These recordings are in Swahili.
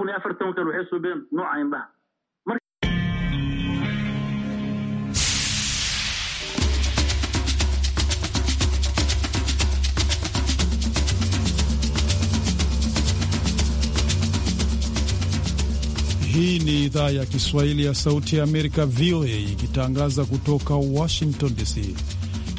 kun iyo afartan waxay nooca indhaha Hii ni idhaa ya Kiswahili ya Sauti ya Amerika, VOA, ikitangaza kutoka Washington DC.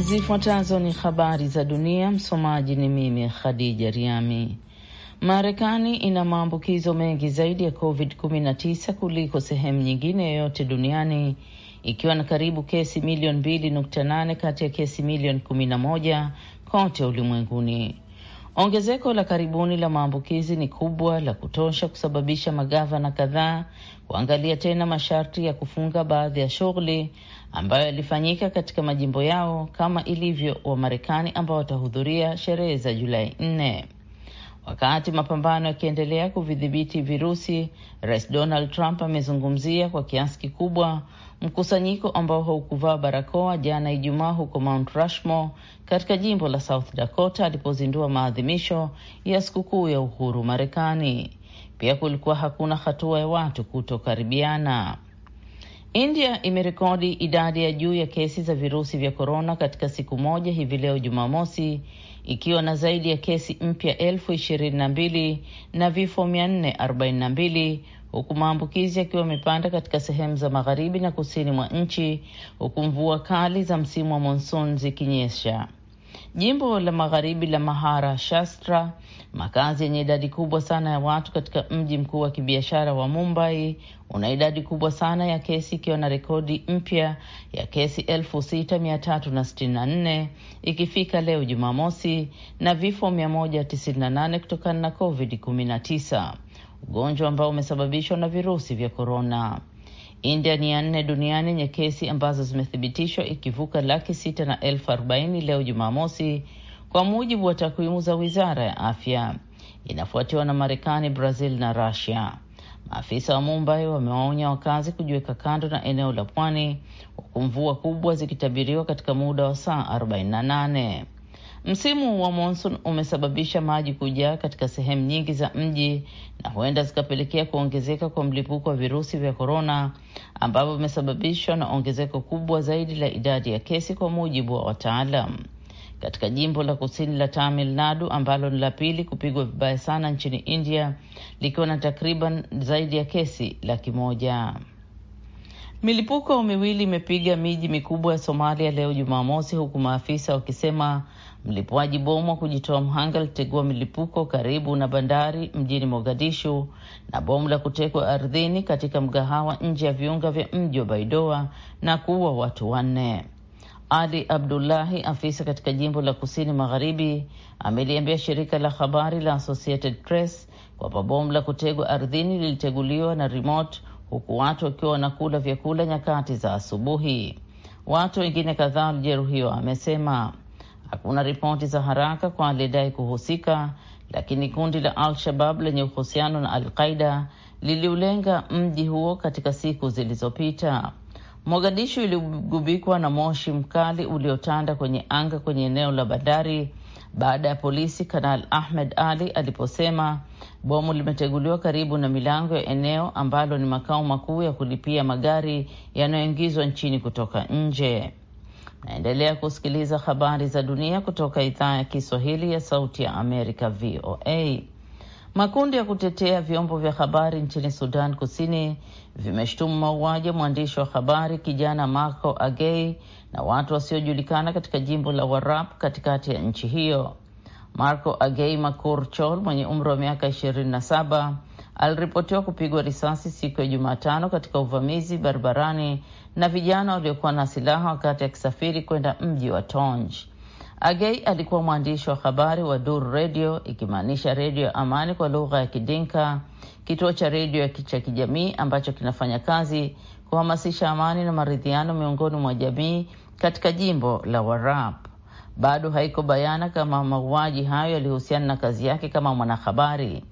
Zifuatazo ni habari za dunia. Msomaji ni mimi Khadija Riami. Marekani ina maambukizo mengi zaidi ya COVID-19 kuliko sehemu nyingine yoyote duniani ikiwa na karibu kesi milioni 2.8 kati ya kesi milioni 11 kote ulimwenguni. Ongezeko la karibuni la maambukizi ni kubwa la kutosha kusababisha magavana kadhaa kuangalia tena masharti ya kufunga baadhi ya shughuli ambayo yalifanyika katika majimbo yao kama ilivyo Wamarekani ambao watahudhuria sherehe za Julai nne. Wakati mapambano yakiendelea kuvidhibiti virusi, Rais Donald Trump amezungumzia kwa kiasi kikubwa mkusanyiko ambao haukuvaa barakoa jana Ijumaa huko Mount Rushmore katika jimbo la South Dakota alipozindua maadhimisho ya sikukuu ya uhuru Marekani. Pia kulikuwa hakuna hatua ya watu kutokaribiana. India imerekodi idadi ya juu ya kesi za virusi vya korona katika siku moja hivi leo Jumamosi, ikiwa na zaidi ya kesi mpya elfu ishirini na mbili na vifo 442 huku maambukizi yakiwa yamepanda katika sehemu za magharibi na kusini mwa nchi, huku mvua kali za msimu wa monson zikinyesha jimbo la magharibi la mahara shastra makazi yenye idadi kubwa sana ya watu katika mji mkuu wa kibiashara wa Mumbai, una idadi kubwa sana ya kesi ikiwa na rekodi mpya ya kesi 6364 ikifika leo Jumamosi, na vifo 198 kutokana na COVID-19, ugonjwa ambao umesababishwa na virusi vya korona. India ni ya nne duniani yenye kesi ambazo zimethibitishwa ikivuka laki sita na elfu arobaini leo Jumamosi, kwa mujibu wa takwimu za wizara ya afya. Inafuatiwa na Marekani, Brazil na Rusia. Maafisa wa Mumbai wamewaonya wakazi kujiweka kando na eneo la pwani, huku mvua kubwa zikitabiriwa katika muda wa saa 48. Msimu wa monsoon umesababisha maji kujaa katika sehemu nyingi za mji na huenda zikapelekea kuongezeka kwa mlipuko wa virusi vya korona ambavyo vimesababishwa na ongezeko kubwa zaidi la idadi ya kesi, kwa mujibu wa wataalam. Katika jimbo la kusini la Tamil Nadu ambalo ni la pili kupigwa vibaya sana nchini India likiwa na takriban zaidi ya kesi laki moja. Milipuko miwili imepiga miji mikubwa ya Somalia leo Jumamosi, huku maafisa wakisema mlipuaji bomu wa kujitoa mhanga alitegua milipuko karibu na bandari mjini Mogadishu na bomu la kutekwa ardhini katika mgahawa nje ya viunga vya mji wa Baidoa na kuua watu wanne. Ali Abdullahi, afisa katika jimbo la kusini magharibi, ameliambia shirika la habari la Associated Press kwamba bomu la kutegwa ardhini liliteguliwa na remote huku watu wakiwa wanakula vyakula nyakati za asubuhi. Watu wengine kadhaa walijeruhiwa, amesema. Hakuna ripoti za haraka kwa alidai kuhusika, lakini kundi la Al-Shabab lenye uhusiano na Al-Qaida liliulenga mji huo katika siku zilizopita. Mogadishu iligubikwa na moshi mkali uliotanda kwenye anga kwenye eneo la bandari baada ya polisi Kanal Ahmed Ali aliposema bomu limeteguliwa karibu na milango ya eneo ambalo ni makao makuu ya kulipia magari yanayoingizwa nchini kutoka nje. Naendelea kusikiliza habari za dunia kutoka idhaa ya Kiswahili ya Sauti ya Amerika, VOA. Makundi ya kutetea vyombo vya habari nchini Sudan Kusini vimeshtumu mauaji ya mwandishi wa habari kijana Marco Agei na watu wasiojulikana katika jimbo la Warap katikati ya nchi hiyo. Marco Agei Makur Chol mwenye umri wa miaka 27 aliripotiwa kupigwa risasi siku ya Jumatano katika uvamizi barabarani na vijana waliokuwa na silaha wakati akisafiri kwenda mji wa Tonj. Agei alikuwa mwandishi wa habari wa Duru Redio, ikimaanisha redio ya amani kwa lugha ya Kidinka, kituo cha redio cha kijamii ambacho kinafanya kazi kuhamasisha amani na maridhiano miongoni mwa jamii katika jimbo la Warap. Bado haiko bayana kama mauaji hayo yalihusiana na kazi yake kama mwanahabari.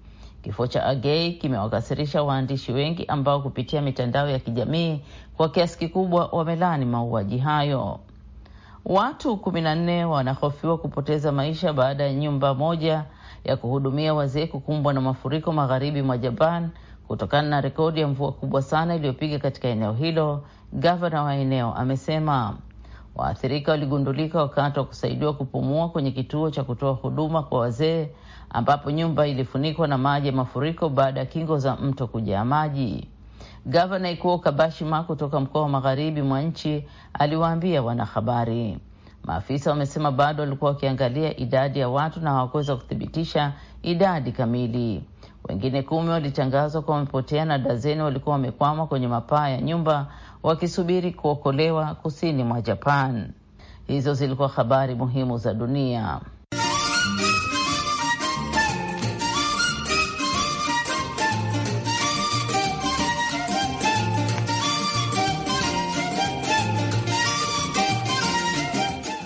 Kifo cha Agei kimewakasirisha waandishi wengi ambao kupitia mitandao ya kijamii kwa kiasi kikubwa wamelani mauaji hayo. Watu kumi na nne wanahofiwa kupoteza maisha baada ya nyumba moja ya kuhudumia wazee kukumbwa na mafuriko magharibi mwa Japan kutokana na rekodi ya mvua kubwa sana iliyopiga katika eneo hilo. Gavana wa eneo amesema waathirika waligundulika wakati wa kusaidiwa kupumua kwenye kituo cha kutoa huduma kwa wazee ambapo nyumba ilifunikwa na maji ya mafuriko baada ya kingo za mto kujaa maji. Gavana Ikuoka Bashima kutoka mkoa wa magharibi mwa nchi aliwaambia wanahabari. Maafisa wamesema bado walikuwa wakiangalia idadi ya watu na hawakuweza kuthibitisha idadi kamili. Wengine kumi walitangazwa kuwa wamepotea na dazeni walikuwa wamekwama kwenye mapaa ya nyumba wakisubiri kuokolewa kusini mwa Japan. Hizo zilikuwa habari muhimu za dunia.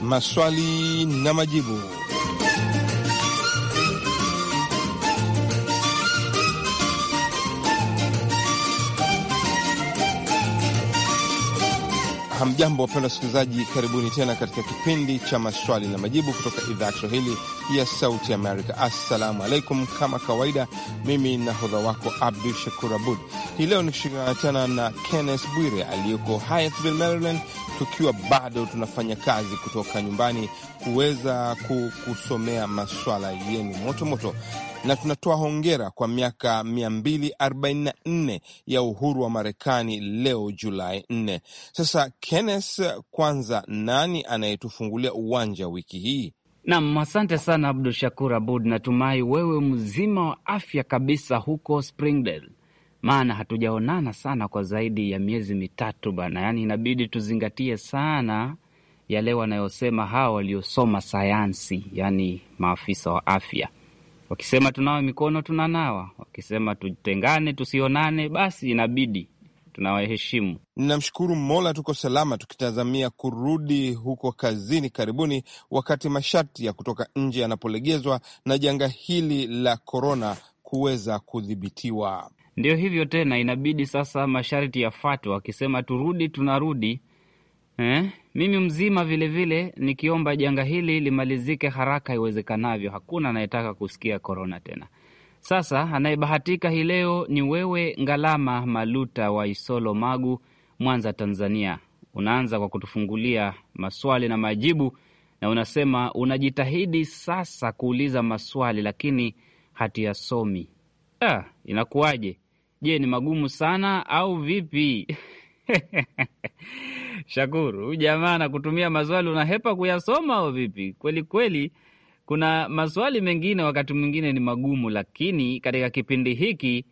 maswali na majibu. Hamjambo, wapenda wasikilizaji, karibuni tena katika kipindi cha maswali na majibu kutoka idhaa ya Kiswahili ya Sauti Amerika. Assalamu alaikum. Kama kawaida, mimi nahodha wako Abdu Shakur Abud. Hii leo nikishirikiana tena na kennes Bwire aliyoko Hyattsville, Maryland, tukiwa bado tunafanya kazi kutoka nyumbani kuweza kukusomea maswala yenu motomoto na tunatoa hongera kwa miaka 244 ya uhuru wa Marekani leo Julai 4. Sasa Kenneth, kwanza nani anayetufungulia uwanja wiki hii? Nam, asante sana Abdu Shakur Abud, natumai wewe mzima wa afya kabisa huko Springdale, maana hatujaonana sana kwa zaidi ya miezi mitatu bana. Yaani inabidi tuzingatie sana yale wanayosema hawa waliosoma sayansi, yaani maafisa wa afya. Wakisema tunawe mikono tunanawa, wakisema tutengane, tusionane, basi inabidi tunawaheshimu. Namshukuru Mola, tuko salama, tukitazamia kurudi huko kazini karibuni, wakati masharti ya kutoka nje yanapolegezwa na janga hili la korona kuweza kudhibitiwa. Ndio hivyo tena, inabidi sasa masharti yafuatwe. Wakisema turudi, tunarudi eh? mimi mzima vilevile, nikiomba janga hili limalizike haraka iwezekanavyo. Hakuna anayetaka kusikia korona tena. Sasa anayebahatika hii leo ni wewe Ngalama Maluta wa Isolo, Magu, Mwanza, Tanzania. Unaanza kwa kutufungulia maswali na majibu, na unasema unajitahidi sasa kuuliza maswali lakini hatuyasomi. Ah, inakuwaje? Je, ni magumu sana au vipi? Shakuru, huyu jamaa na kutumia maswali unahepa kuyasoma au vipi? Kweli kweli, kuna maswali mengine wakati mwingine ni magumu, lakini katika kipindi hiki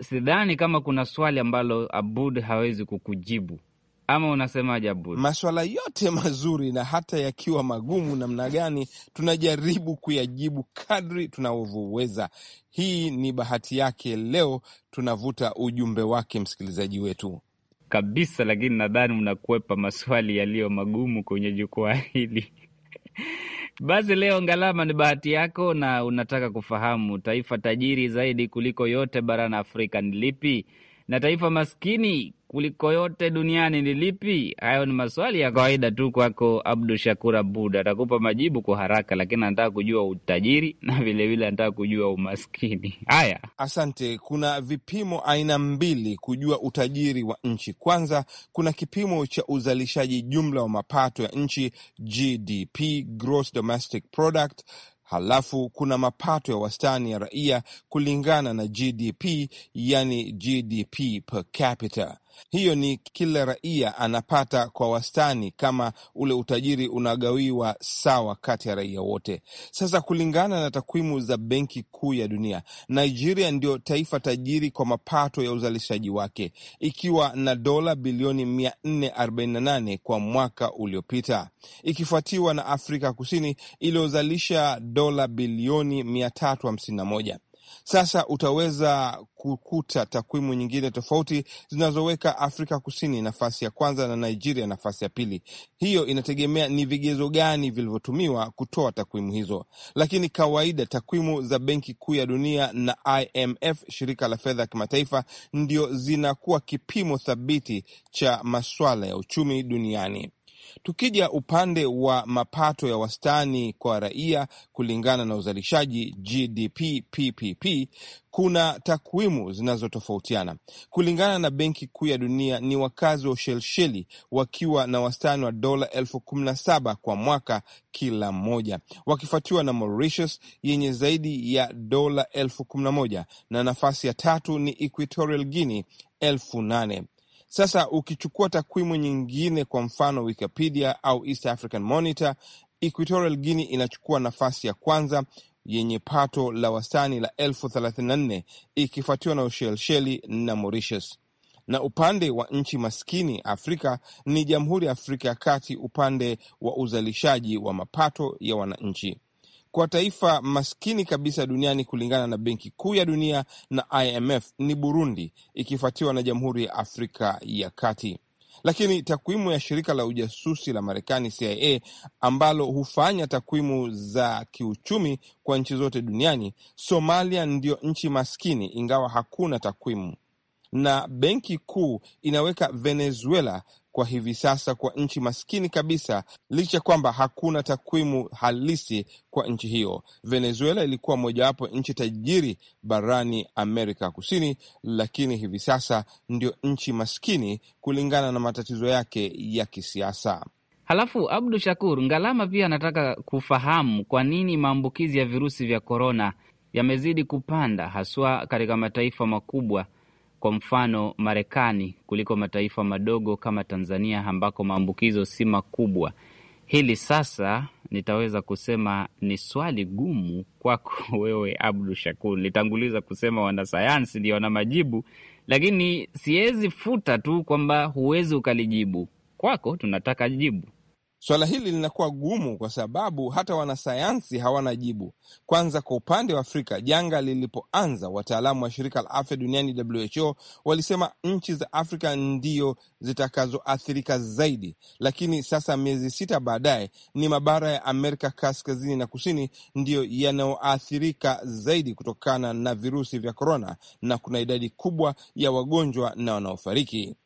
sidhani kama kuna swali ambalo Abud hawezi kukujibu. Ama unasemaje Abud? Maswala yote mazuri na hata yakiwa magumu namna gani, tunajaribu kuyajibu kadri tunavyoweza. Hii ni bahati yake, leo tunavuta ujumbe wake msikilizaji wetu kabisa, lakini nadhani mnakwepa maswali yaliyo magumu kwenye jukwaa hili. Basi leo Ngalama, ni bahati yako na unataka kufahamu taifa tajiri zaidi kuliko yote barani Afrika ni lipi? na taifa maskini kuliko yote duniani ni lipi? Hayo ni maswali ya kawaida tu kwako Abdu Shakur Abud, atakupa majibu kwa haraka, lakini anataka kujua utajiri na vilevile anataka kujua umaskini. Haya, asante. Kuna vipimo aina mbili kujua utajiri wa nchi. Kwanza, kuna kipimo cha uzalishaji jumla wa mapato ya nchi, GDP, gross domestic product halafu kuna mapato ya wastani ya raia kulingana na GDP, yani GDP per capita. Hiyo ni kila raia anapata kwa wastani, kama ule utajiri unagawiwa sawa kati ya raia wote. Sasa kulingana na takwimu za Benki Kuu ya Dunia, Nigeria ndio taifa tajiri kwa mapato ya uzalishaji wake ikiwa na dola bilioni 448 kwa mwaka uliopita, ikifuatiwa na Afrika Kusini iliyozalisha dola bilioni 351. Sasa utaweza kukuta takwimu nyingine tofauti zinazoweka Afrika Kusini nafasi ya kwanza na Nigeria nafasi ya pili. Hiyo inategemea ni vigezo gani vilivyotumiwa kutoa takwimu hizo, lakini kawaida takwimu za Benki Kuu ya Dunia na IMF, shirika la fedha ya kimataifa, ndio zinakuwa kipimo thabiti cha maswala ya uchumi duniani. Tukija upande wa mapato ya wastani kwa raia kulingana na uzalishaji GDP PPP, kuna takwimu zinazotofautiana. Kulingana na Benki Kuu ya Dunia, ni wakazi wa Ushelsheli wakiwa na wastani wa dola elfu kumi na saba kwa mwaka kila mmoja, wakifuatiwa na Mauritius yenye zaidi ya dola elfu kumi na moja na nafasi ya tatu ni Equatorial Guinea elfu nane. Sasa ukichukua takwimu nyingine, kwa mfano Wikipedia au East African Monitor, Equatorial Guinea inachukua nafasi ya kwanza yenye pato la wastani la elfu thelathini na nne ikifuatiwa na ushelsheli na Mauritius. Na upande wa nchi maskini Afrika ni Jamhuri ya Afrika ya Kati upande wa uzalishaji wa mapato ya wananchi kwa taifa maskini kabisa duniani kulingana na Benki Kuu ya Dunia na IMF ni Burundi, ikifuatiwa na Jamhuri ya Afrika ya Kati. Lakini takwimu ya shirika la ujasusi la Marekani CIA ambalo hufanya takwimu za kiuchumi kwa nchi zote duniani, Somalia ndiyo nchi maskini ingawa hakuna takwimu, na benki kuu inaweka Venezuela kwa hivi sasa kwa nchi maskini kabisa, licha kwamba hakuna takwimu halisi kwa nchi hiyo. Venezuela ilikuwa mojawapo nchi tajiri barani Amerika Kusini, lakini hivi sasa ndio nchi maskini kulingana na matatizo yake ya kisiasa. Halafu Abdu Shakur Ngalama pia anataka kufahamu kwa nini maambukizi ya virusi vya korona yamezidi kupanda haswa katika mataifa makubwa kwa mfano Marekani kuliko mataifa madogo kama Tanzania ambako maambukizo si makubwa. Hili sasa nitaweza kusema ni swali gumu kwako wewe Abdu Shakur. Nitanguliza kusema wanasayansi ndio wana majibu, lakini siwezi futa tu kwamba huwezi ukalijibu kwako. Tunataka jibu. Swala hili linakuwa gumu kwa sababu hata wanasayansi hawana jibu. Kwanza, kwa upande wa Afrika, janga lilipoanza, wataalamu wa shirika la afya duniani WHO walisema nchi za Afrika ndiyo zitakazoathirika zaidi, lakini sasa miezi sita baadaye ni mabara ya Amerika kaskazini na kusini ndiyo yanayoathirika zaidi kutokana na virusi vya korona, na kuna idadi kubwa ya wagonjwa na wanaofariki.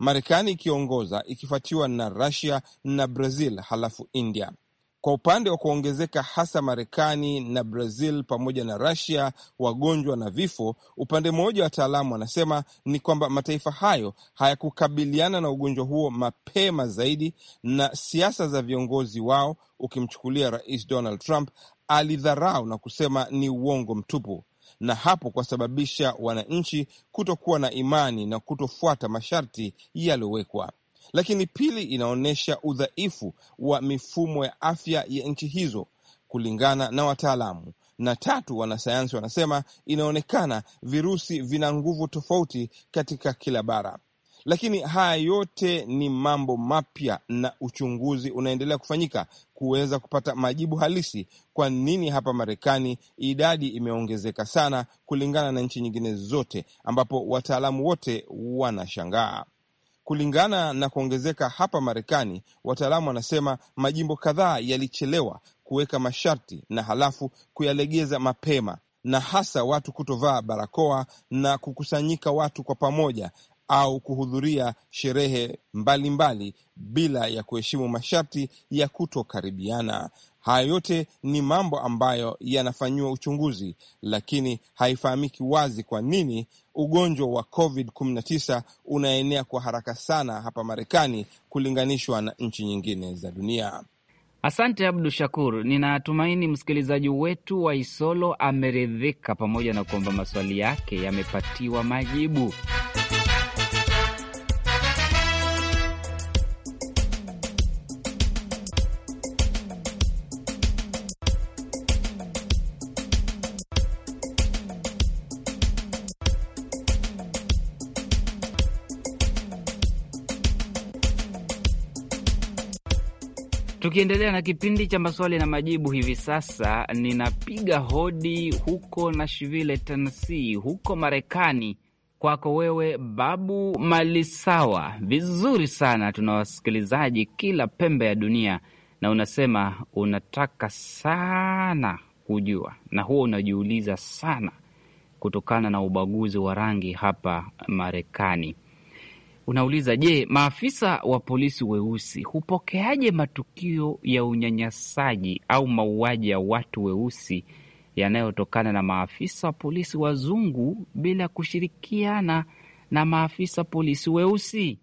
Marekani ikiongoza ikifuatiwa na Rusia na Brazil, halafu India. Kwa upande wa kuongezeka hasa Marekani na Brazil pamoja na Rusia wagonjwa na vifo, upande mmoja wataalamu wanasema ni kwamba mataifa hayo hayakukabiliana na ugonjwa huo mapema zaidi, na siasa za viongozi wao, ukimchukulia Rais Donald Trump, alidharau na kusema ni uongo mtupu na hapo kuwasababisha wananchi kutokuwa na imani na kutofuata masharti yaliyowekwa. Lakini pili, inaonyesha udhaifu wa mifumo ya afya ya nchi hizo kulingana na wataalamu. Na tatu, wanasayansi wanasema inaonekana virusi vina nguvu tofauti katika kila bara. Lakini haya yote ni mambo mapya na uchunguzi unaendelea kufanyika kuweza kupata majibu halisi, kwa nini hapa Marekani idadi imeongezeka sana kulingana na nchi nyingine zote, ambapo wataalamu wote wanashangaa kulingana na kuongezeka hapa Marekani, wataalamu wanasema majimbo kadhaa yalichelewa kuweka masharti na halafu kuyalegeza mapema, na hasa watu kutovaa barakoa na kukusanyika watu kwa pamoja au kuhudhuria sherehe mbalimbali mbali, bila ya kuheshimu masharti ya kutokaribiana. Haya yote ni mambo ambayo yanafanyiwa uchunguzi, lakini haifahamiki wazi kwa nini ugonjwa wa COVID-19 unaenea kwa haraka sana hapa Marekani kulinganishwa na nchi nyingine za dunia. Asante Abdu Shakur, ninatumaini msikilizaji wetu wa Isolo ameridhika pamoja na kwamba maswali yake yamepatiwa majibu. Tukiendelea na kipindi cha maswali na majibu, hivi sasa ninapiga hodi huko Nashville, Tennessee, huko Marekani, kwako wewe Babu Malisawa. Vizuri sana, tuna wasikilizaji kila pembe ya dunia, na unasema unataka sana kujua, na huwa unajiuliza sana kutokana na ubaguzi wa rangi hapa Marekani unauliza, je, maafisa wa polisi weusi hupokeaje matukio ya unyanyasaji au mauaji ya watu weusi yanayotokana na maafisa wa polisi wazungu bila kushirikiana na maafisa polisi weusi?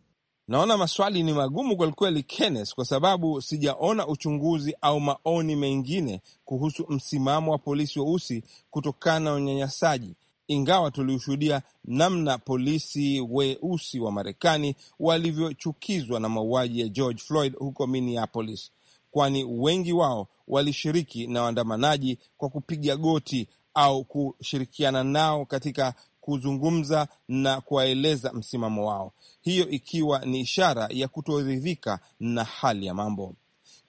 Naona maswali ni magumu kwelikweli, Kenneth, kwa sababu sijaona uchunguzi au maoni mengine kuhusu msimamo wa polisi weusi kutokana na unyanyasaji ingawa tuliushuhudia namna polisi weusi wa Marekani walivyochukizwa na mauaji ya George Floyd huko Minneapolis, kwani wengi wao walishiriki na waandamanaji kwa kupiga goti au kushirikiana nao katika kuzungumza na kuwaeleza msimamo wao, hiyo ikiwa ni ishara ya kutoridhika na hali ya mambo.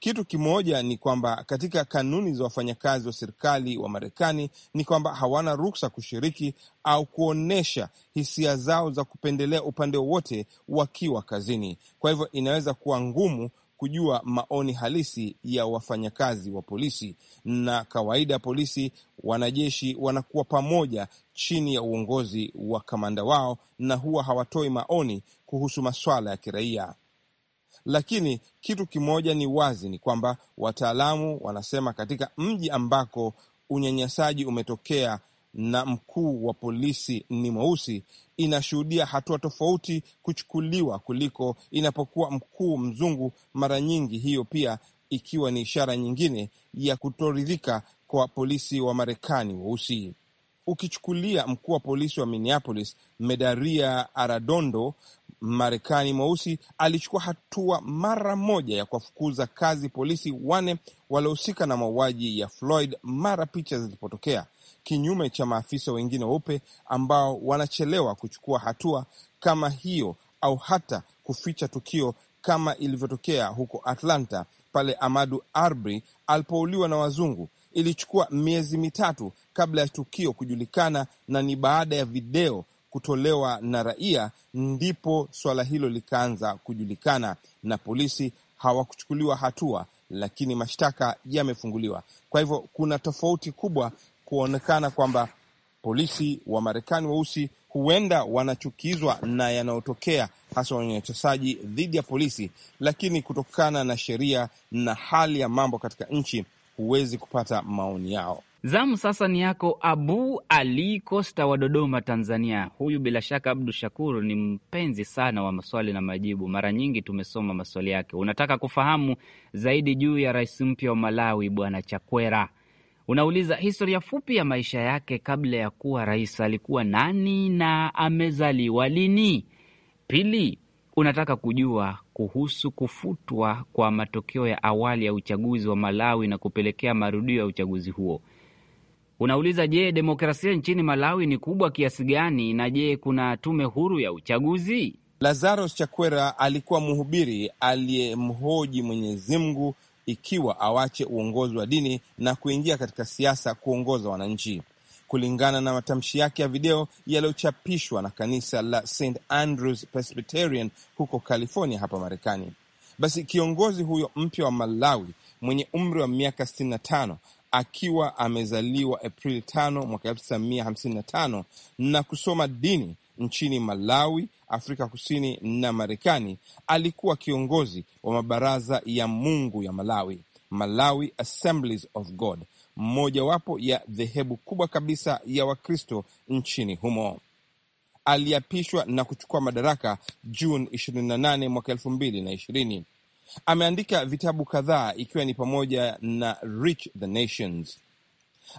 Kitu kimoja ni kwamba katika kanuni za wafanyakazi wa serikali wa Marekani ni kwamba hawana ruksa kushiriki au kuonyesha hisia zao za kupendelea upande wowote wakiwa kazini. Kwa hivyo inaweza kuwa ngumu kujua maoni halisi ya wafanyakazi wa polisi. Na kawaida polisi, wanajeshi wanakuwa pamoja chini ya uongozi wa kamanda wao, na huwa hawatoi maoni kuhusu masuala ya kiraia. Lakini kitu kimoja ni wazi, ni kwamba wataalamu wanasema katika mji ambako unyanyasaji umetokea na mkuu wa polisi ni mweusi, inashuhudia hatua tofauti kuchukuliwa kuliko inapokuwa mkuu mzungu. Mara nyingi hiyo pia ikiwa ni ishara nyingine ya kutoridhika kwa polisi wa Marekani weusi. Ukichukulia mkuu wa polisi wa Minneapolis, Medaria Aradondo, Marekani mweusi alichukua hatua mara moja ya kuwafukuza kazi polisi wane waliohusika na mauaji ya Floyd mara picha zilipotokea, kinyume cha maafisa wengine weupe ambao wanachelewa kuchukua hatua kama hiyo au hata kuficha tukio kama ilivyotokea huko Atlanta pale Amadu Arbery alipouliwa na wazungu. Ilichukua miezi mitatu kabla ya tukio kujulikana, na ni baada ya video kutolewa na raia, ndipo swala hilo likaanza kujulikana na polisi hawakuchukuliwa hatua, lakini mashtaka yamefunguliwa. Kwa hivyo kuna tofauti kubwa kuonekana kwamba polisi wa Marekani weusi huenda wanachukizwa na yanayotokea hasa unyanyasaji dhidi ya polisi, lakini kutokana na sheria na hali ya mambo katika nchi huwezi kupata maoni yao. Zamu sasa ni yako Abu Ali Kosta wa Dodoma, Tanzania. Huyu bila shaka Abdu Shakur ni mpenzi sana wa maswali na majibu, mara nyingi tumesoma maswali yake. Unataka kufahamu zaidi juu ya rais mpya wa Malawi Bwana Chakwera. Unauliza historia fupi ya maisha yake kabla ya kuwa rais, alikuwa nani na amezaliwa lini? Pili, unataka kujua kuhusu kufutwa kwa matokeo ya awali ya uchaguzi wa Malawi na kupelekea marudio ya uchaguzi huo. Unauliza, je, demokrasia nchini Malawi ni kubwa kiasi gani, na je, kuna tume huru ya uchaguzi? Lazarus Chakwera alikuwa mhubiri aliyemhoji Mwenyezi Mungu ikiwa awache uongozi wa dini na kuingia katika siasa kuongoza wananchi, kulingana na matamshi yake ya video yaliyochapishwa na kanisa la St Andrews Presbyterian huko California hapa Marekani. Basi kiongozi huyo mpya wa Malawi mwenye umri wa miaka akiwa amezaliwa Aprili tano mwaka na kusoma dini nchini Malawi, Afrika Kusini na Marekani. Alikuwa kiongozi wa mabaraza ya Mungu ya Malawi, Malawi Assemblies of God, mmojawapo ya dhehebu kubwa kabisa ya Wakristo nchini humo. Aliapishwa na kuchukua madaraka Juni 28 mwaka 2020. Ameandika vitabu kadhaa ikiwa ni pamoja na Rich the Nations.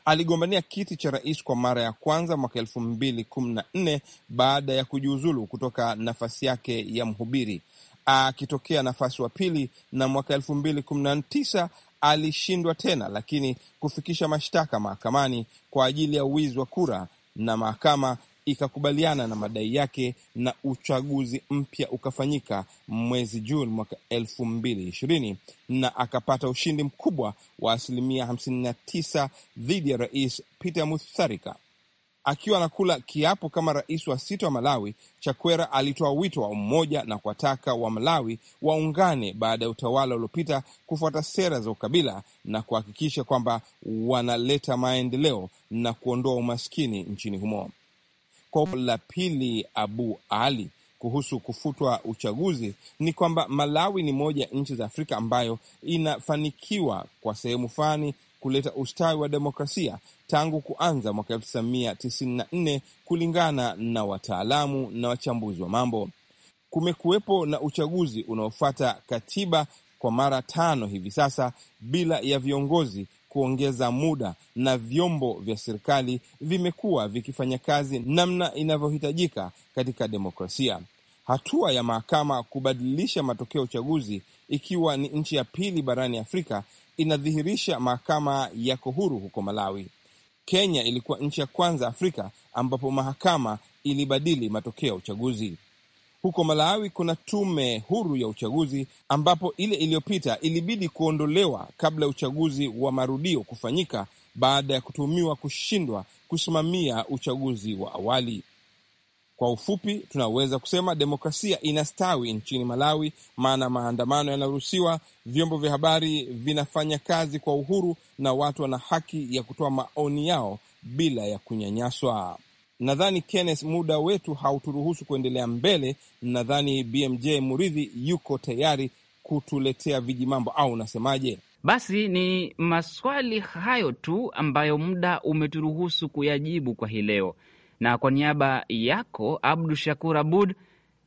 Aligombania kiti cha rais kwa mara ya kwanza mwaka elfu mbili kumi na nne baada ya kujiuzulu kutoka nafasi yake ya mhubiri akitokea nafasi wa pili, na mwaka elfu mbili kumi na tisa alishindwa tena, lakini kufikisha mashtaka mahakamani kwa ajili ya uwizi wa kura na mahakama ikakubaliana na madai yake na uchaguzi mpya ukafanyika mwezi Juni mwaka elfu mbili ishirini na akapata ushindi mkubwa wa asilimia 59 dhidi ya Rais Peter Mutharika. Akiwa anakula kiapo kama rais wa sita wa Malawi, Chakwera alitoa wito wa umoja na kuwataka wa Malawi waungane baada ya utawala uliopita kufuata sera za ukabila na kuhakikisha kwamba wanaleta maendeleo na kuondoa umaskini nchini humo. Kopo la pili Abu Ali kuhusu kufutwa uchaguzi ni kwamba Malawi ni moja ya nchi za Afrika ambayo inafanikiwa kwa sehemu fulani kuleta ustawi wa demokrasia tangu kuanza mwaka nne kulingana na wataalamu na wachambuzi wa mambo. Kumekuwepo na uchaguzi unaofuata katiba kwa mara tano hivi sasa bila ya viongozi kuongeza muda, na vyombo vya serikali vimekuwa vikifanya kazi namna inavyohitajika katika demokrasia. Hatua ya mahakama kubadilisha matokeo ya uchaguzi, ikiwa ni nchi ya pili barani Afrika, inadhihirisha mahakama yako huru huko Malawi. Kenya ilikuwa nchi ya kwanza Afrika ambapo mahakama ilibadili matokeo ya uchaguzi. Huko Malawi kuna tume huru ya uchaguzi ambapo ile iliyopita ilibidi kuondolewa kabla ya uchaguzi wa marudio kufanyika baada ya kutumiwa kushindwa kusimamia uchaguzi wa awali. Kwa ufupi, tunaweza kusema demokrasia inastawi nchini Malawi, maana maandamano yanaruhusiwa, vyombo vya habari vinafanya kazi kwa uhuru, na watu wana haki ya kutoa maoni yao bila ya kunyanyaswa. Nadhani Kenneth, muda wetu hauturuhusu kuendelea mbele. Nadhani BMJ Muridhi yuko tayari kutuletea vijimambo, au unasemaje? Basi ni maswali hayo tu ambayo muda umeturuhusu kuyajibu kwa hii leo, na kwa niaba yako Abdu Shakur Abud,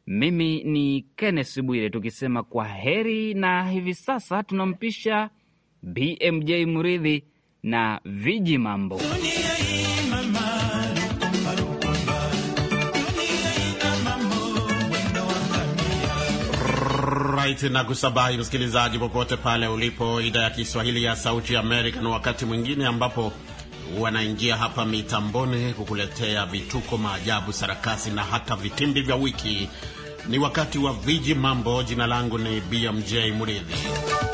mimi ni Kenneth Bwire tukisema kwa heri, na hivi sasa tunampisha BMJ Muridhi na viji mambo Dunia. right na kusabahi msikilizaji, popote pale ulipo, idhaa ya Kiswahili ya Sauti Amerika. Na wakati mwingine ambapo wanaingia hapa mitamboni kukuletea vituko, maajabu, sarakasi na hata vitimbi vya wiki. Ni wakati wa viji mambo. Jina langu ni BMJ mridhi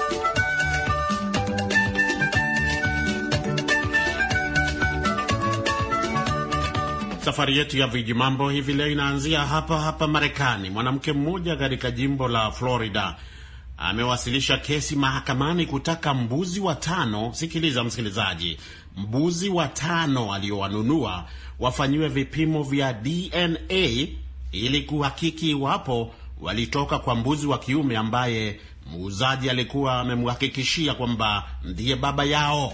Safari yetu ya vijimambo hivi leo inaanzia hapa hapa Marekani. Mwanamke mmoja katika jimbo la Florida amewasilisha kesi mahakamani kutaka mbuzi watano, sikiliza msikilizaji, mbuzi watano aliowanunua wafanyiwe vipimo vya DNA ili kuhakiki iwapo walitoka kwa mbuzi wa kiume ambaye muuzaji alikuwa amemhakikishia kwamba ndiye baba yao.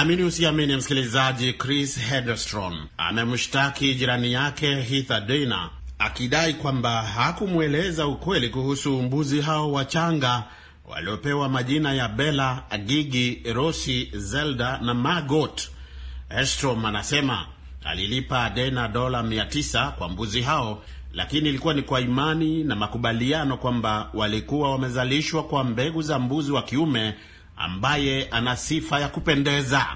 Amini usiamini, msikilizaji, Chris Hedestrom amemshtaki jirani yake Heather Dana akidai kwamba hakumweleza ukweli kuhusu mbuzi hao wachanga waliopewa majina ya Bella, Gigi, Rosi, Zelda na Margot. Estrom anasema alilipa Dena dola 900 kwa mbuzi hao, lakini ilikuwa ni kwa imani na makubaliano kwamba walikuwa wamezalishwa kwa mbegu za mbuzi wa kiume ambaye ana sifa ya kupendeza.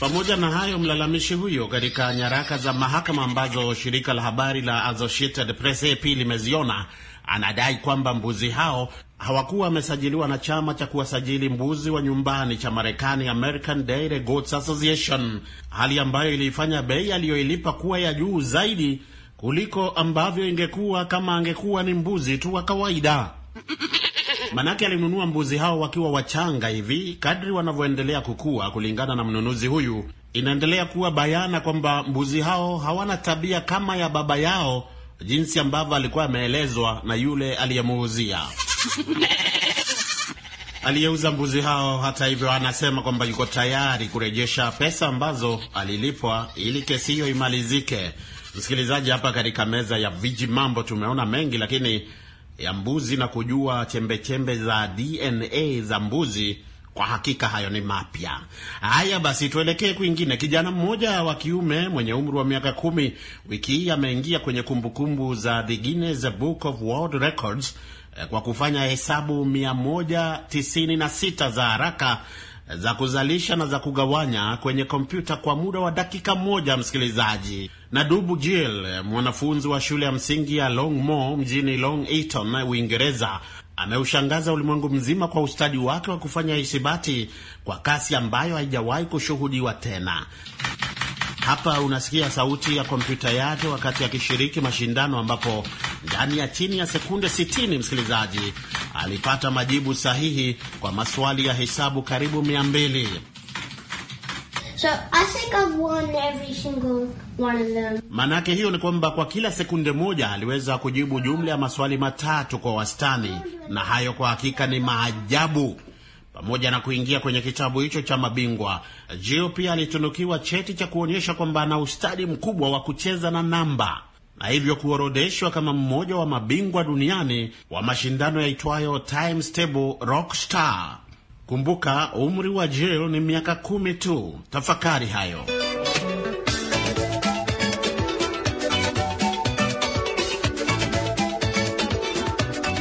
Pamoja na hayo, mlalamishi huyo katika nyaraka za mahakama ambazo shirika la habari la Associated Press AP limeziona anadai kwamba mbuzi hao hawakuwa wamesajiliwa na chama cha kuwasajili mbuzi wa nyumbani cha Marekani, American Dairy Goats Association, hali ambayo iliifanya bei aliyoilipa kuwa ya juu zaidi kuliko ambavyo ingekuwa kama angekuwa ni mbuzi tu wa kawaida. Manake alinunua mbuzi hao wakiwa wachanga hivi. Kadri wanavyoendelea kukua, kulingana na mnunuzi huyu, inaendelea kuwa bayana kwamba mbuzi hao hawana tabia kama ya baba yao, jinsi ambavyo alikuwa ameelezwa na yule aliyemuuzia aliyeuza mbuzi hao. Hata hivyo, anasema kwamba yuko tayari kurejesha pesa ambazo alilipwa ili kesi hiyo imalizike. Msikilizaji, hapa katika meza ya viji mambo tumeona mengi, lakini ya mbuzi na kujua chembechembe -chembe za DNA za mbuzi. Kwa hakika hayo ni mapya. Haya basi, tuelekee kwingine. Kijana mmoja wa kiume mwenye umri wa miaka kumi wiki hii ameingia kwenye kumbukumbu -kumbu za The Guinness Book of World Records eh, kwa kufanya hesabu 196 za haraka za kuzalisha na za kugawanya kwenye kompyuta kwa muda wa dakika moja, msikilizaji. Na Dubu Jill, mwanafunzi wa shule ya msingi ya Longmoor mjini Long Eaton, Uingereza, ameushangaza ulimwengu mzima kwa ustadi wake wa kufanya hisabati kwa kasi ambayo haijawahi kushuhudiwa tena. Hapa unasikia sauti ya kompyuta yake wakati akishiriki mashindano ambapo ndani ya chini ya sekunde 60, msikilizaji alipata majibu sahihi kwa maswali ya hesabu karibu 200. So, maanake hiyo ni kwamba kwa kila sekunde moja aliweza kujibu jumla ya maswali matatu kwa wastani, na hayo kwa hakika ni maajabu. Pamoja na kuingia kwenye kitabu hicho cha mabingwa, Gio pia alitunukiwa cheti cha kuonyesha kwamba ana ustadi mkubwa wa kucheza na namba na hivyo kuorodheshwa kama mmoja wa mabingwa duniani wa mashindano yaitwayo Times Table Rock Star. Kumbuka umri wa Jill ni miaka kumi tu. Tafakari hayo.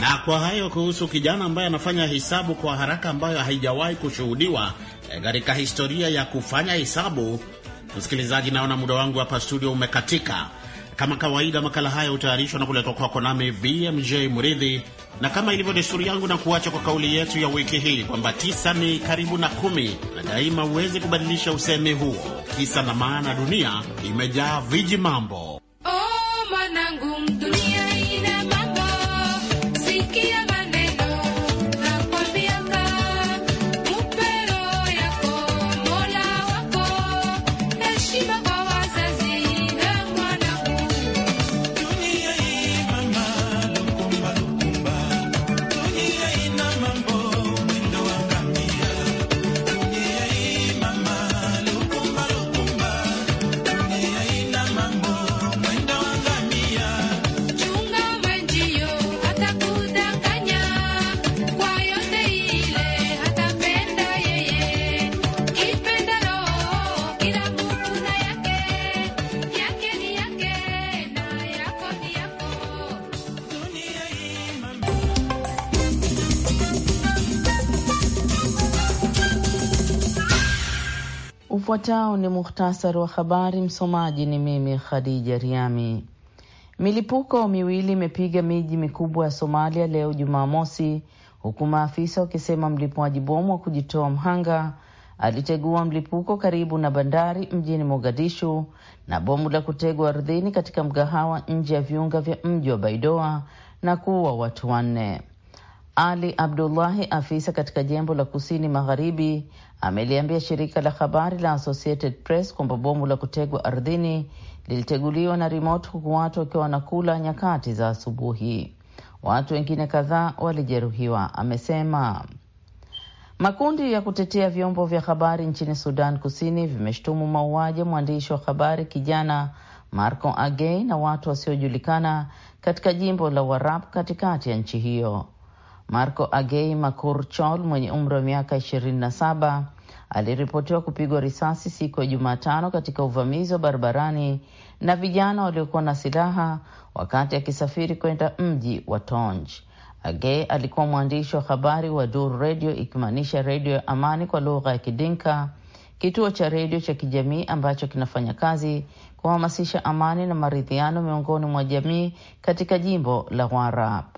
Na kwa hayo kuhusu kijana ambaye anafanya hesabu kwa haraka ambayo haijawahi kushuhudiwa e, katika historia ya kufanya hesabu. Msikilizaji, naona muda wangu hapa studio umekatika. Kama kawaida, makala haya hutayarishwa na kuletwa kwako nami VMJ Muridhi, na kama ilivyo desturi yangu, na kuacha kwa kauli yetu ya wiki hii kwamba tisa ni karibu na kumi, na daima huwezi kubadilisha usemi huo. Kisa na maana, dunia imejaa viji mambo. Ufuatao ni muhtasari wa habari. Msomaji ni mimi Khadija Riami. Milipuko miwili imepiga miji mikubwa ya Somalia leo Jumamosi, huku maafisa wakisema mlipuaji bomu wa kujitoa mhanga alitegua mlipuko karibu na bandari mjini Mogadishu na bomu la kutegwa ardhini katika mgahawa nje ya viunga vya mji wa Baidoa na kuua watu wanne. Ali Abdullahi, afisa katika jimbo la kusini magharibi, ameliambia shirika la habari la Associated Press kwamba bomu la kutegwa ardhini liliteguliwa na remote, huku watu wakiwa wanakula nyakati za asubuhi. Watu wengine kadhaa walijeruhiwa, amesema. Makundi ya kutetea vyombo vya habari nchini Sudan Kusini vimeshtumu mauaji ya mwandishi wa habari kijana Marco Agey na watu wasiojulikana katika jimbo la Warab katikati ya nchi hiyo. Marco Agei Makur Chol mwenye umri wa miaka ishirini na saba aliripotiwa kupigwa risasi siku ya Jumatano katika uvamizi wa barabarani na vijana waliokuwa na silaha wakati akisafiri kwenda mji wa Tonj. Agei alikuwa mwandishi wa habari wa Dur Radio, ikimaanisha redio ya amani kwa lugha ya Kidinka, kituo cha redio cha kijamii ambacho kinafanya kazi kuhamasisha amani na maridhiano miongoni mwa jamii katika jimbo la Warap.